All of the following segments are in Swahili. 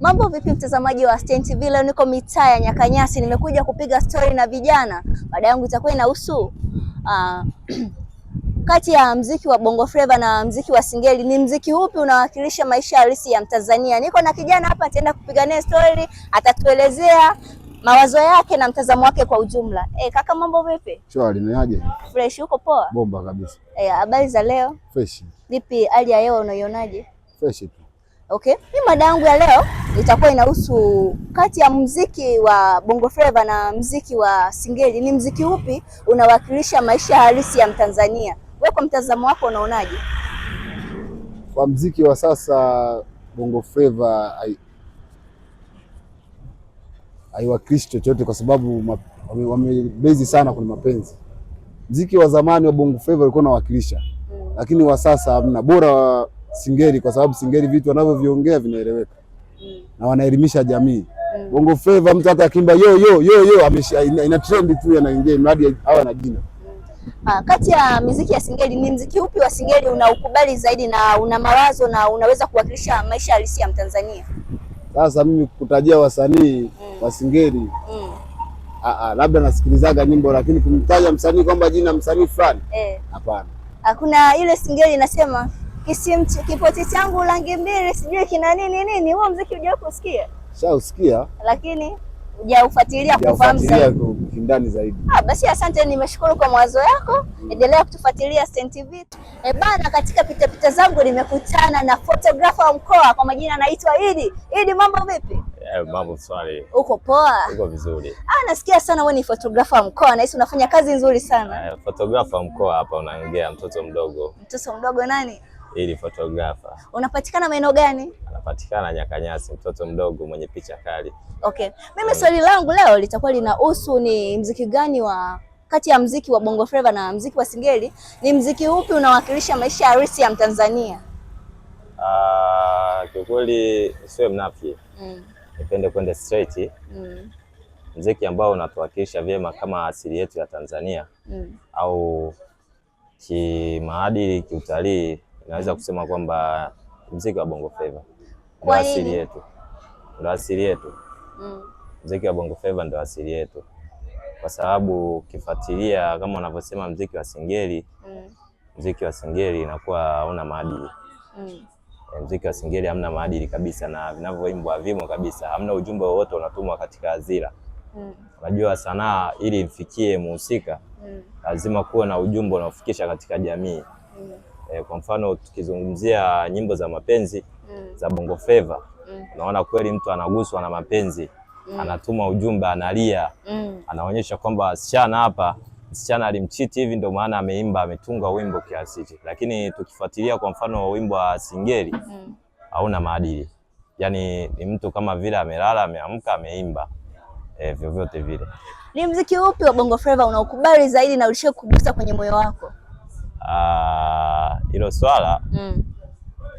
Mambo vipi mtazamaji wa Stein TV, leo niko mitaa ya Nyakanyasi, nimekuja kupiga stori na vijana. Baada yangu itakuwa inahusu uh, kati ya mziki wa Bongo Flava na mziki wa Singeli, ni mziki upi unawakilisha maisha halisi ya Mtanzania? Niko na kijana hapa, ataenda kupiga naye story, atatuelezea mawazo yake na mtazamo wake kwa ujumla. Eh, kaka mambo vipi? Shwari, ni Fresh, uko poa? Bomba kabisa. Eh, habari za leo? Fresh. Vipi hali ya hewa unaionaje? Fresh tu. Okay, mi mada yangu ya leo itakuwa inahusu kati ya mziki wa Bongo Flava na mziki wa Singeli, ni mziki upi unawakilisha maisha halisi ya Mtanzania? Wewe kwa mtazamo wako unaonaje? Kwa mziki wa sasa Bongo Flava haiwakilishi chochote kwa sababu wamebezi sana kwenye mapenzi. Mziki wa zamani wa Bongo Flava ulikuwa unawakilisha mm. lakini wa sasa hamna bora Singeli kwa sababu Singeli vitu wanavyoviongea vinaeleweka mm. na wanaelimisha jamii mm. Bongo Flava mtu hata akimba yo yo yo yo amesha ina, ina trend tu yanaingia mradi hawa na jina mm. Ah, kati ya miziki ya Singeli ni mziki upi wa Singeli unaukubali zaidi na una mawazo na unaweza kuwakilisha maisha halisi ya Mtanzania? Sasa mimi kukutajia wasanii mm. wa Singeli mm. Ah, labda nasikilizaga nyimbo lakini kumtaja msanii kwamba jina msanii fulani eh. hapana. Eh. Ah, Hakuna ile Singeli inasema kipoti changu rangi mbili sijui kina nini nini, huo mziki hujawahi kusikia? Shausikia, lakini hujaufuatilia kufahamu kindani zaidi. Ah, basi asante, nimeshukuru kwa mawazo yako. mm. Endelea kutufuatilia Stein TV. E bana, katika pitapita zangu nimekutana na photographer wa mkoa, kwa majina anaitwa Idi. Idi, mambo vipi? Eh, mambo swali. Uko poa? Uko vizuri. Ah, nasikia sana wewe ni photographer wa mkoa, nahisi unafanya kazi nzuri sana. Yeah, photographer wa mkoa hapa, unaongea mtoto mdogo. Mtoto mdogo nani? ili photographer. Unapatikana maeneo gani? Anapatikana Nyakanyasi, mtoto mdogo mwenye picha kali. Okay, mimi um, swali langu leo litakuwa linahusu ni mziki gani wa kati ya mziki wa Bongo Flava na mziki wa Singeli, ni mziki upi unawakilisha maisha halisi ya Mtanzania? Uh, kiukweli siwe mnafiki mm. nipende kwenda straight mm. mziki ambao unatuwakilisha vyema kama asili yetu ya Tanzania mm. au kimaadili, kiutalii naweza kusema kwamba mziki wa Bongo Flava ndo asili yetu, ndo asili yetu mm. Mziki wa Bongo Flava ndo asili yetu, kwa sababu ukifuatilia kama unavyosema mziki wa singeli mm. Mziki wa singeli inakuwa hauna maadili mm. E, mziki wa singeli hamna maadili kabisa, na vinavyoimbwa vimo kabisa, hamna ujumbe wowote unatumwa katika azira mm. Unajua, sanaa ili mfikie muhusika mm. lazima kuwa na ujumbe unaofikisha katika jamii mm eh, kwa mfano tukizungumzia nyimbo za mapenzi mm. za Bongo Flava mm. unaona kweli mtu anaguswa na mapenzi mm. anatuma ujumbe, analia mm. anaonyesha kwamba wasichana hapa msichana alimchiti hivi, ndio maana ameimba ametunga wimbo kiasi hicho. Lakini tukifuatilia kwa mfano wimbo wa Singeli mm. hauna maadili, yaani ni mtu kama vile amelala ameamka ameimba e, vyovyote vile. Ni mziki upi wa Bongo Flava unaokubali zaidi na ulishakugusa kwenye moyo wako? Ah, hilo swala mm.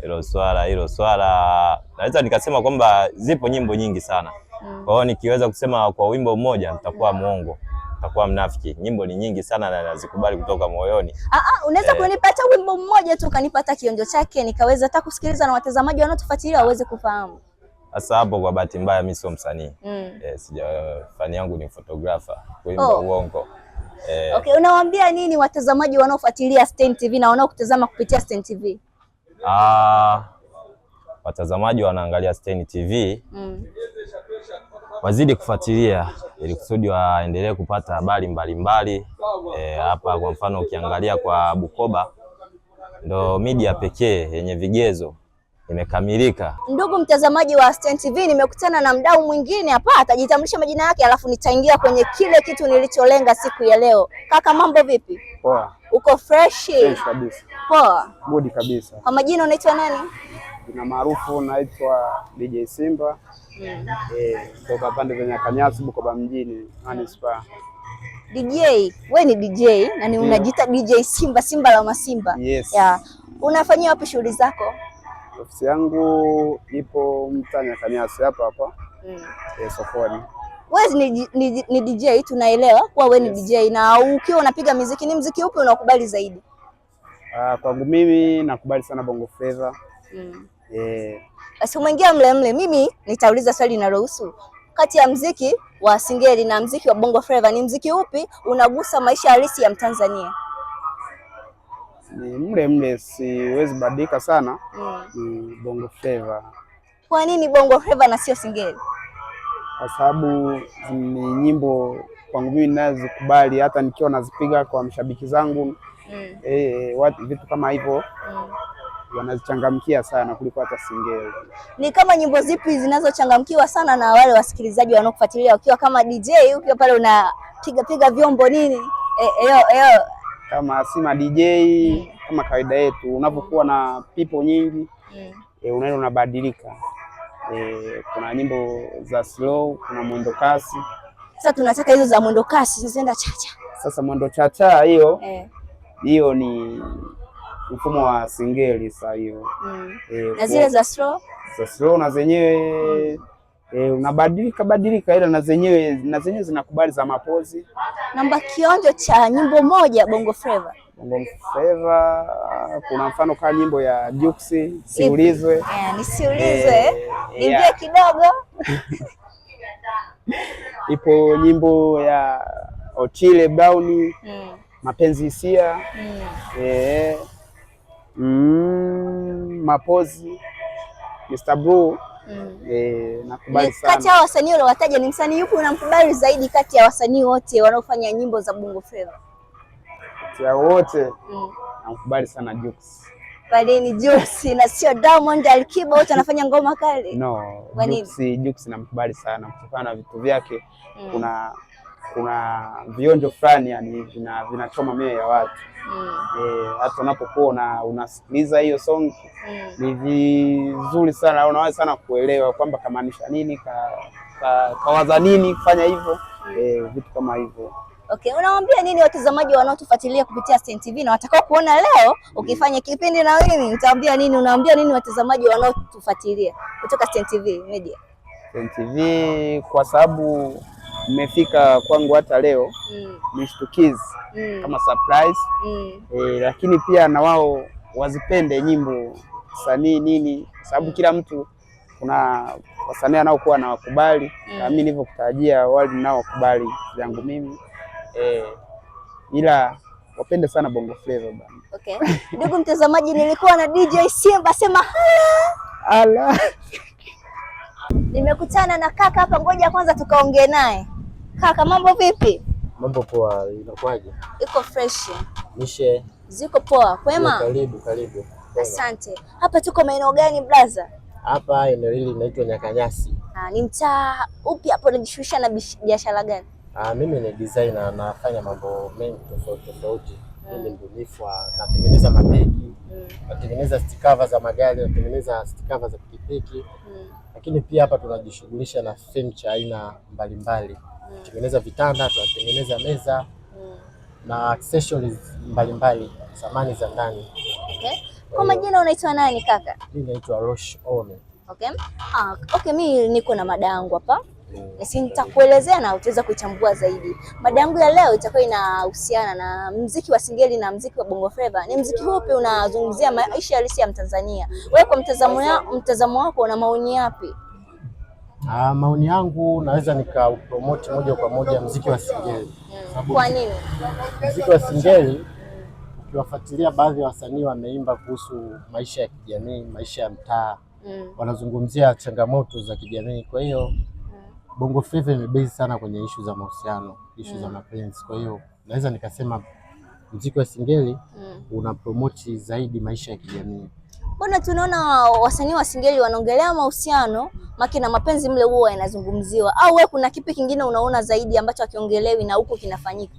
hilo mm. swala hilo swala naweza nikasema kwamba zipo nyimbo nyingi sana mm. kwa hiyo nikiweza kusema kwa wimbo mmoja nitakuwa mwongo nitakuwa mnafiki. Nyimbo ni nyingi sana na nazikubali kutoka moyoni. Ah ah, unaweza eh, kunipa hata wimbo mmoja tu ukanipa hata kionjo chake nikaweza hata kusikiliza na watazamaji wanaotufuatilia waweze kufahamu. Sasa hapo kwa bahati mbaya mimi sio msanii. Mm. Eh, sija fani yangu ni photographer, kuimba oh, uongo. Eh. Okay, unawaambia nini watazamaji wanaofuatilia Stein TV na wanaokutazama kupitia Stein TV? Ah, watazamaji wanaangalia Stein TV mm. Wazidi kufuatilia ili kusudi waendelee kupata habari mbalimbali eh, hapa. kwa mfano ukiangalia kwa Bukoba ndo media pekee yenye vigezo imekamilika. Ndugu mtazamaji wa Stein TV, nimekutana na mdau mwingine hapa, atajitambulisha majina yake, alafu nitaingia kwenye kile kitu nilicholenga siku ya leo. Kaka, mambo vipi? Poa. Uko fresh? Fresh kabisa. Poa. Good kabisa. Kwa majina unaitwa nani? Jina maarufu naitwa DJ Simba mm. Eh, toka pande za Nyakanyasi Bukoba mjini Manispaa. DJ, we ni DJ na ni unajiita DJ Simba, Simba la Masimba. Yes. Yeah. Unafanyia wapi shughuli zako? Ofisi yangu ipo mtaa Nyakanyasi hapa hapa mm. E, sokoni. Wewe ni, ni, ni DJ tunaelewa kuwa wewe yes. DJ na ukiwa unapiga muziki ni muziki upi unakubali zaidi? Uh, kwangu mimi nakubali sana Bongo Flava mm. yeah. Basi umeingia mle mle, mimi nitauliza swali linalohusu kati ya muziki wa Singeli na muziki wa Bongo Flava ni muziki upi unagusa maisha halisi ya Mtanzania? ni mle mle, siwezi badilika sana mm. Ni bongo flavor. Kwa nini bongo flavor na sio singeli? Kwa sababu ni nyimbo kwangu mimi ninazikubali, hata nikiwa nazipiga kwa mashabiki zangu mm. E, watu vitu kama hivyo mm. wanazichangamkia sana kuliko hata singeli. Ni kama nyimbo zipi zinazochangamkiwa sana na wale wasikilizaji wanaokufuatilia, ukiwa kama DJ ukiwa pale unapigapiga vyombo nini? E, eh, eo, eh, eo kama Sima DJ mm. kama kawaida yetu unapokuwa na pipo nyingi mm. e, unaenda unabadilika. E, kuna nyimbo za slow, kuna mwendo kasi. Sasa tunataka hizo za mwendo kasi zienda chacha. Sasa mwendo chacha hiyo eh. hiyo eh, ni mfumo wa singeli sasa hiyo mm. e, na zile za slow za slow na zenyewe mm. E, unabadilika badilika ila na zenyewe na zenyewe zinakubali za mapozi. Namba kionjo cha nyimbo moja Bongo Flava. Bongo Flava kuna mfano kama nyimbo ya Jux siulizwe. Eh, eh, yeah, nisiulizwe. E, yeah, kidogo. Ipo nyimbo ya Otile Brown mm, mapenzi hisia mm. E, mm, mapozi Mr. Blue mm. E, Kati ya wasanii uliowataja ni msanii yupi unamkubali zaidi kati ya wasanii wote wanaofanya nyimbo za Bongo Flava? Kati ya wote mm. namkubali sana Jux. Kwa nini Jux na sio Diamond Alikiba wote anafanya ngoma kali? No, Jux namkubali sana kutokana na vitu vyake mm. kuna kuna vionjo fulani yani vina vinachoma mioyo ya watu mm. E, eh, hata unapokuwa unasikiliza hiyo song mm. ni vizuri sana au unaweza sana kuelewa kwamba kamaanisha nini ka, ka, kawaza nini kufanya hivyo mm. E, vitu kama hivyo. Okay, unawaambia nini watazamaji wanaotufuatilia kupitia Stein TV na watakao kuona leo ukifanya kipindi na wewe utaambia nini? Unaambia nini watazamaji wanaotufuatilia kutoka Stein TV Media? Stein TV kwa sababu mmefika kwangu hata leo mm. nishtukizi mm. kama surprise mm. E, lakini pia na wao wazipende nyimbo sanii nini, kwa sababu kila mtu kuna wasanii anaokuwa mm. na wakubali mm. nami nilivyokutarajia wale nao wakubali yangu mimi e, ila wapende sana bongo flava bana. Okay. Ndugu mtazamaji, nilikuwa na DJ Simba sema hala. Nimekutana na kaka hapa, ngoja kwanza tukaongee naye. Kaka, mambo vipi? Mambo poa, inakuaje? Iko fresh. Mishe. Ziko poa, kwema? Karibu, karibu. Asante. Hapa tuko maeneo gani blaza? Hapa eneo hili linaitwa Nyakanyasi. Ah, ni mtaa upi hapo? Unajishughulisha na biashara gani? Ah, mimi ni designer, nafanya mambo mengi tofauti tofauti. Hmm. Mimi ni mbunifu, natengeneza mabegi, hmm. natengeneza stikava za magari, natengeneza stikava za pikipiki, hmm. lakini pia hapa tunajishughulisha na furniture aina mbalimbali mbali tunatengeneza vitanda, tunatengeneza meza na accessories mbalimbali, samani za ndani. Okay. Kwa majina unaitwa nani kaka? Mimi naitwa Rosh Ome. Okay. Ah, okay, mimi niko na mada yangu hapa nasi mm. nitakuelezea na utaweza kuchambua zaidi. Mada yangu ya leo itakuwa inahusiana na mziki wa Singeli na mziki wa Bongo Flava. Ni mziki upi unazungumzia maisha halisi ya Mtanzania? Wewe kwa mtazamo wako na maoni yapi? Ah, maoni yangu naweza promote moja kwa moja mziki wa Singeli. Kwa nini? Mziki wa Singeli ukiwafuatilia baadhi ya wasanii wameimba kuhusu maisha ya kijamii, maisha ya mtaa mm. wanazungumzia changamoto za kijamii. Kwa hiyo mm. Bongo Flava imebase sana kwenye ishu za mahusiano, ishu mm. za mapenzi. Kwa hiyo naweza nikasema mziki wa Singeli mm. unapromoti zaidi maisha ya kijamii mbona tunaona wasanii wa Singeli wanaongelea mahusiano maki na mapenzi, mle huo yanazungumziwa? Au wewe kuna kipi kingine unaona zaidi ambacho hakiongelewi na huku kinafanyika?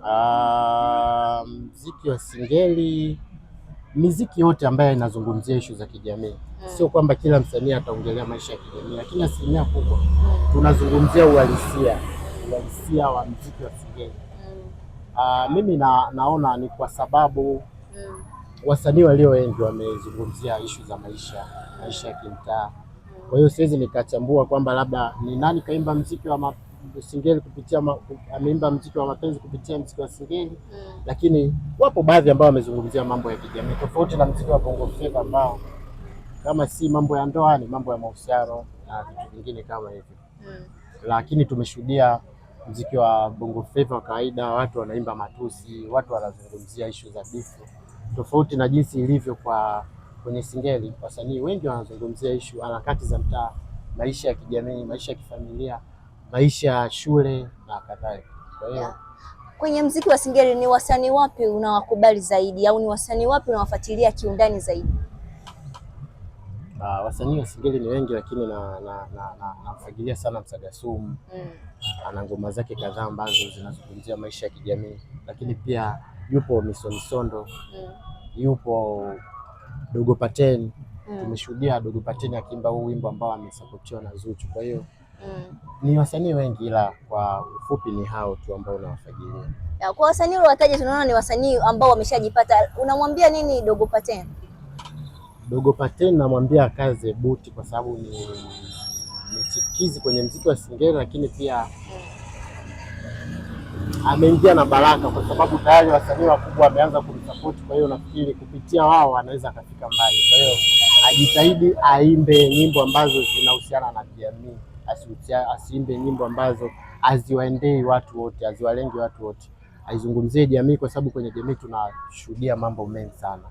Uh, mziki wa Singeli, miziki yote ambayo inazungumzia ishu za kijamii hmm. Sio kwamba kila msanii ataongelea maisha ya kijamii, lakini asilimia kubwa tunazungumzia uhalisia, uhalisia wa mziki wa Singeli hmm. Uh, mimi na, naona ni kwa sababu wasanii walio wengi wamezungumzia ishu za maisha, maisha ya kimtaa. Kwa hiyo siwezi nikachambua kwamba labda ni nani kaimba mziki wa singeli kupitia ameimba mziki wa mapenzi kupitia mziki wa singeli mm. Lakini wapo baadhi ambao wamezungumzia mambo ya kijamii tofauti na mziki wa Bongo Flava ambao kama si mambo ya ndoa ni mambo ya mahusiano na vitu vingine kama hivyo mm. Lakini tumeshuhudia mziki wa Bongo Flava kawaida, watu wanaimba matusi, watu wanazungumzia ishu za bifu tofauti na jinsi ilivyo kwa kwenye Singeli. Wasanii wengi wanazungumzia ishu harakati za mtaa, maisha ya kijamii, maisha ya kifamilia, maisha ya shule na kadhalika. Kwa hiyo Kwenye mziki wa Singeli ni wasanii wapi unawakubali zaidi au ni wasanii wapi unawafuatilia kiundani zaidi? Uh, wasanii wa Singeli ni wengi lakini na namfagilia na, na sana Msagasumu mm. Ana ngoma zake kadhaa ambazo zinazungumzia maisha ya kijamii lakini pia yupo Misonisondo mm. yupo Dogo Paten mm. tumeshuhudia Dogo Paten akiimba huu wimbo ambao amesapotiwa na Zuchu. Kwa hiyo mm. ni wasanii wengi, ila kwa ufupi ni hao tu ambao unawafagilia. Kwa wasanii wataje, tunaona ni wasanii ambao wameshajipata. Unamwambia nini Dogo Paten? Dogo Paten namwambia kaze buti, kwa sababu ni, ni chikizi kwenye mziki wa Singeli, lakini pia ameingia na baraka, kwa sababu tayari wasanii wakubwa wameanza kumsapoti. Kwa hiyo nafikiri kupitia wao anaweza akafika mbali. Kwa hiyo ajitahidi aimbe nyimbo ambazo zinahusiana na jamii, asiimbe nyimbo ambazo aziwaendei watu wote, haziwalengi watu wote, aizungumzie jamii, kwa sababu kwenye jamii tunashuhudia mambo mengi sana.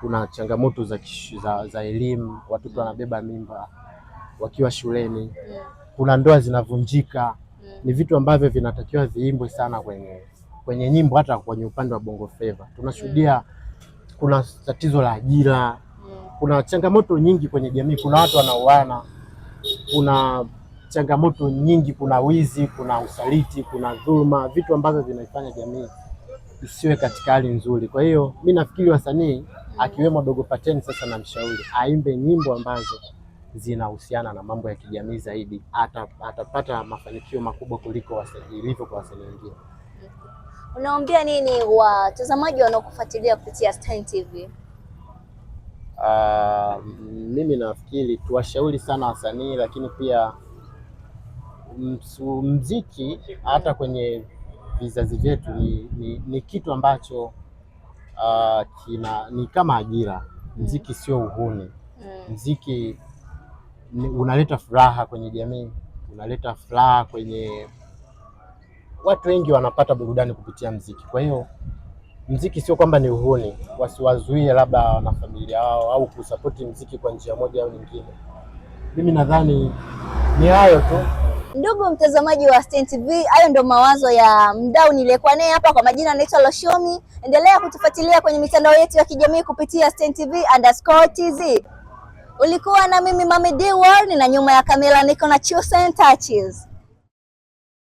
Kuna changamoto za, za, za elimu, watoto wanabeba mimba wakiwa shuleni, kuna ndoa zinavunjika ni vitu ambavyo vinatakiwa viimbwe sana kwenye kwenye nyimbo, hata kwenye upande wa Bongo Flava tunashuhudia kuna tatizo la ajira, kuna changamoto nyingi kwenye jamii, kuna watu wanauana, kuna changamoto nyingi, kuna wizi, kuna usaliti, kuna dhuluma, vitu ambavyo vinaifanya jamii isiwe katika hali nzuri. Kwa hiyo mi nafikiri wasanii akiwemo Dogo Pateni sasa, namshauri aimbe nyimbo ambazo zinahusiana na mambo ya kijamii zaidi, atapata mafanikio makubwa kuliko ilivyo kwa wasanii wengine. Unaombea nini watazamaji wanaokufuatilia kupitia Stein TV? Uh, ah, mimi nafikiri tuwashauri sana wasanii, lakini pia mziki hata kwenye vizazi vyetu ni, ni, ni kitu ambacho uh, kina ni kama ajira. Mziki sio uhuni. Mm. Mziki unaleta furaha kwenye jamii, unaleta furaha kwenye watu wengi wanapata burudani kupitia mziki. Kwa hiyo mziki sio kwamba ni uhuni, wasiwazuie labda familia wao au kusapoti mziki kwa njia moja au nyingine. Mimi nadhani ni hayo tu. Ndugu mtazamaji wa Stein TV, hayo ndio mawazo ya mdau niliyekuwa naye hapa. Kwa majina anaitwa Loshomi. Endelea kutufuatilia kwenye mitandao yetu ya kijamii kupitia Stein TV underscore tz. Ulikuwa na mimi Mami D World na nyuma ya kamera niko na Chosen Touches.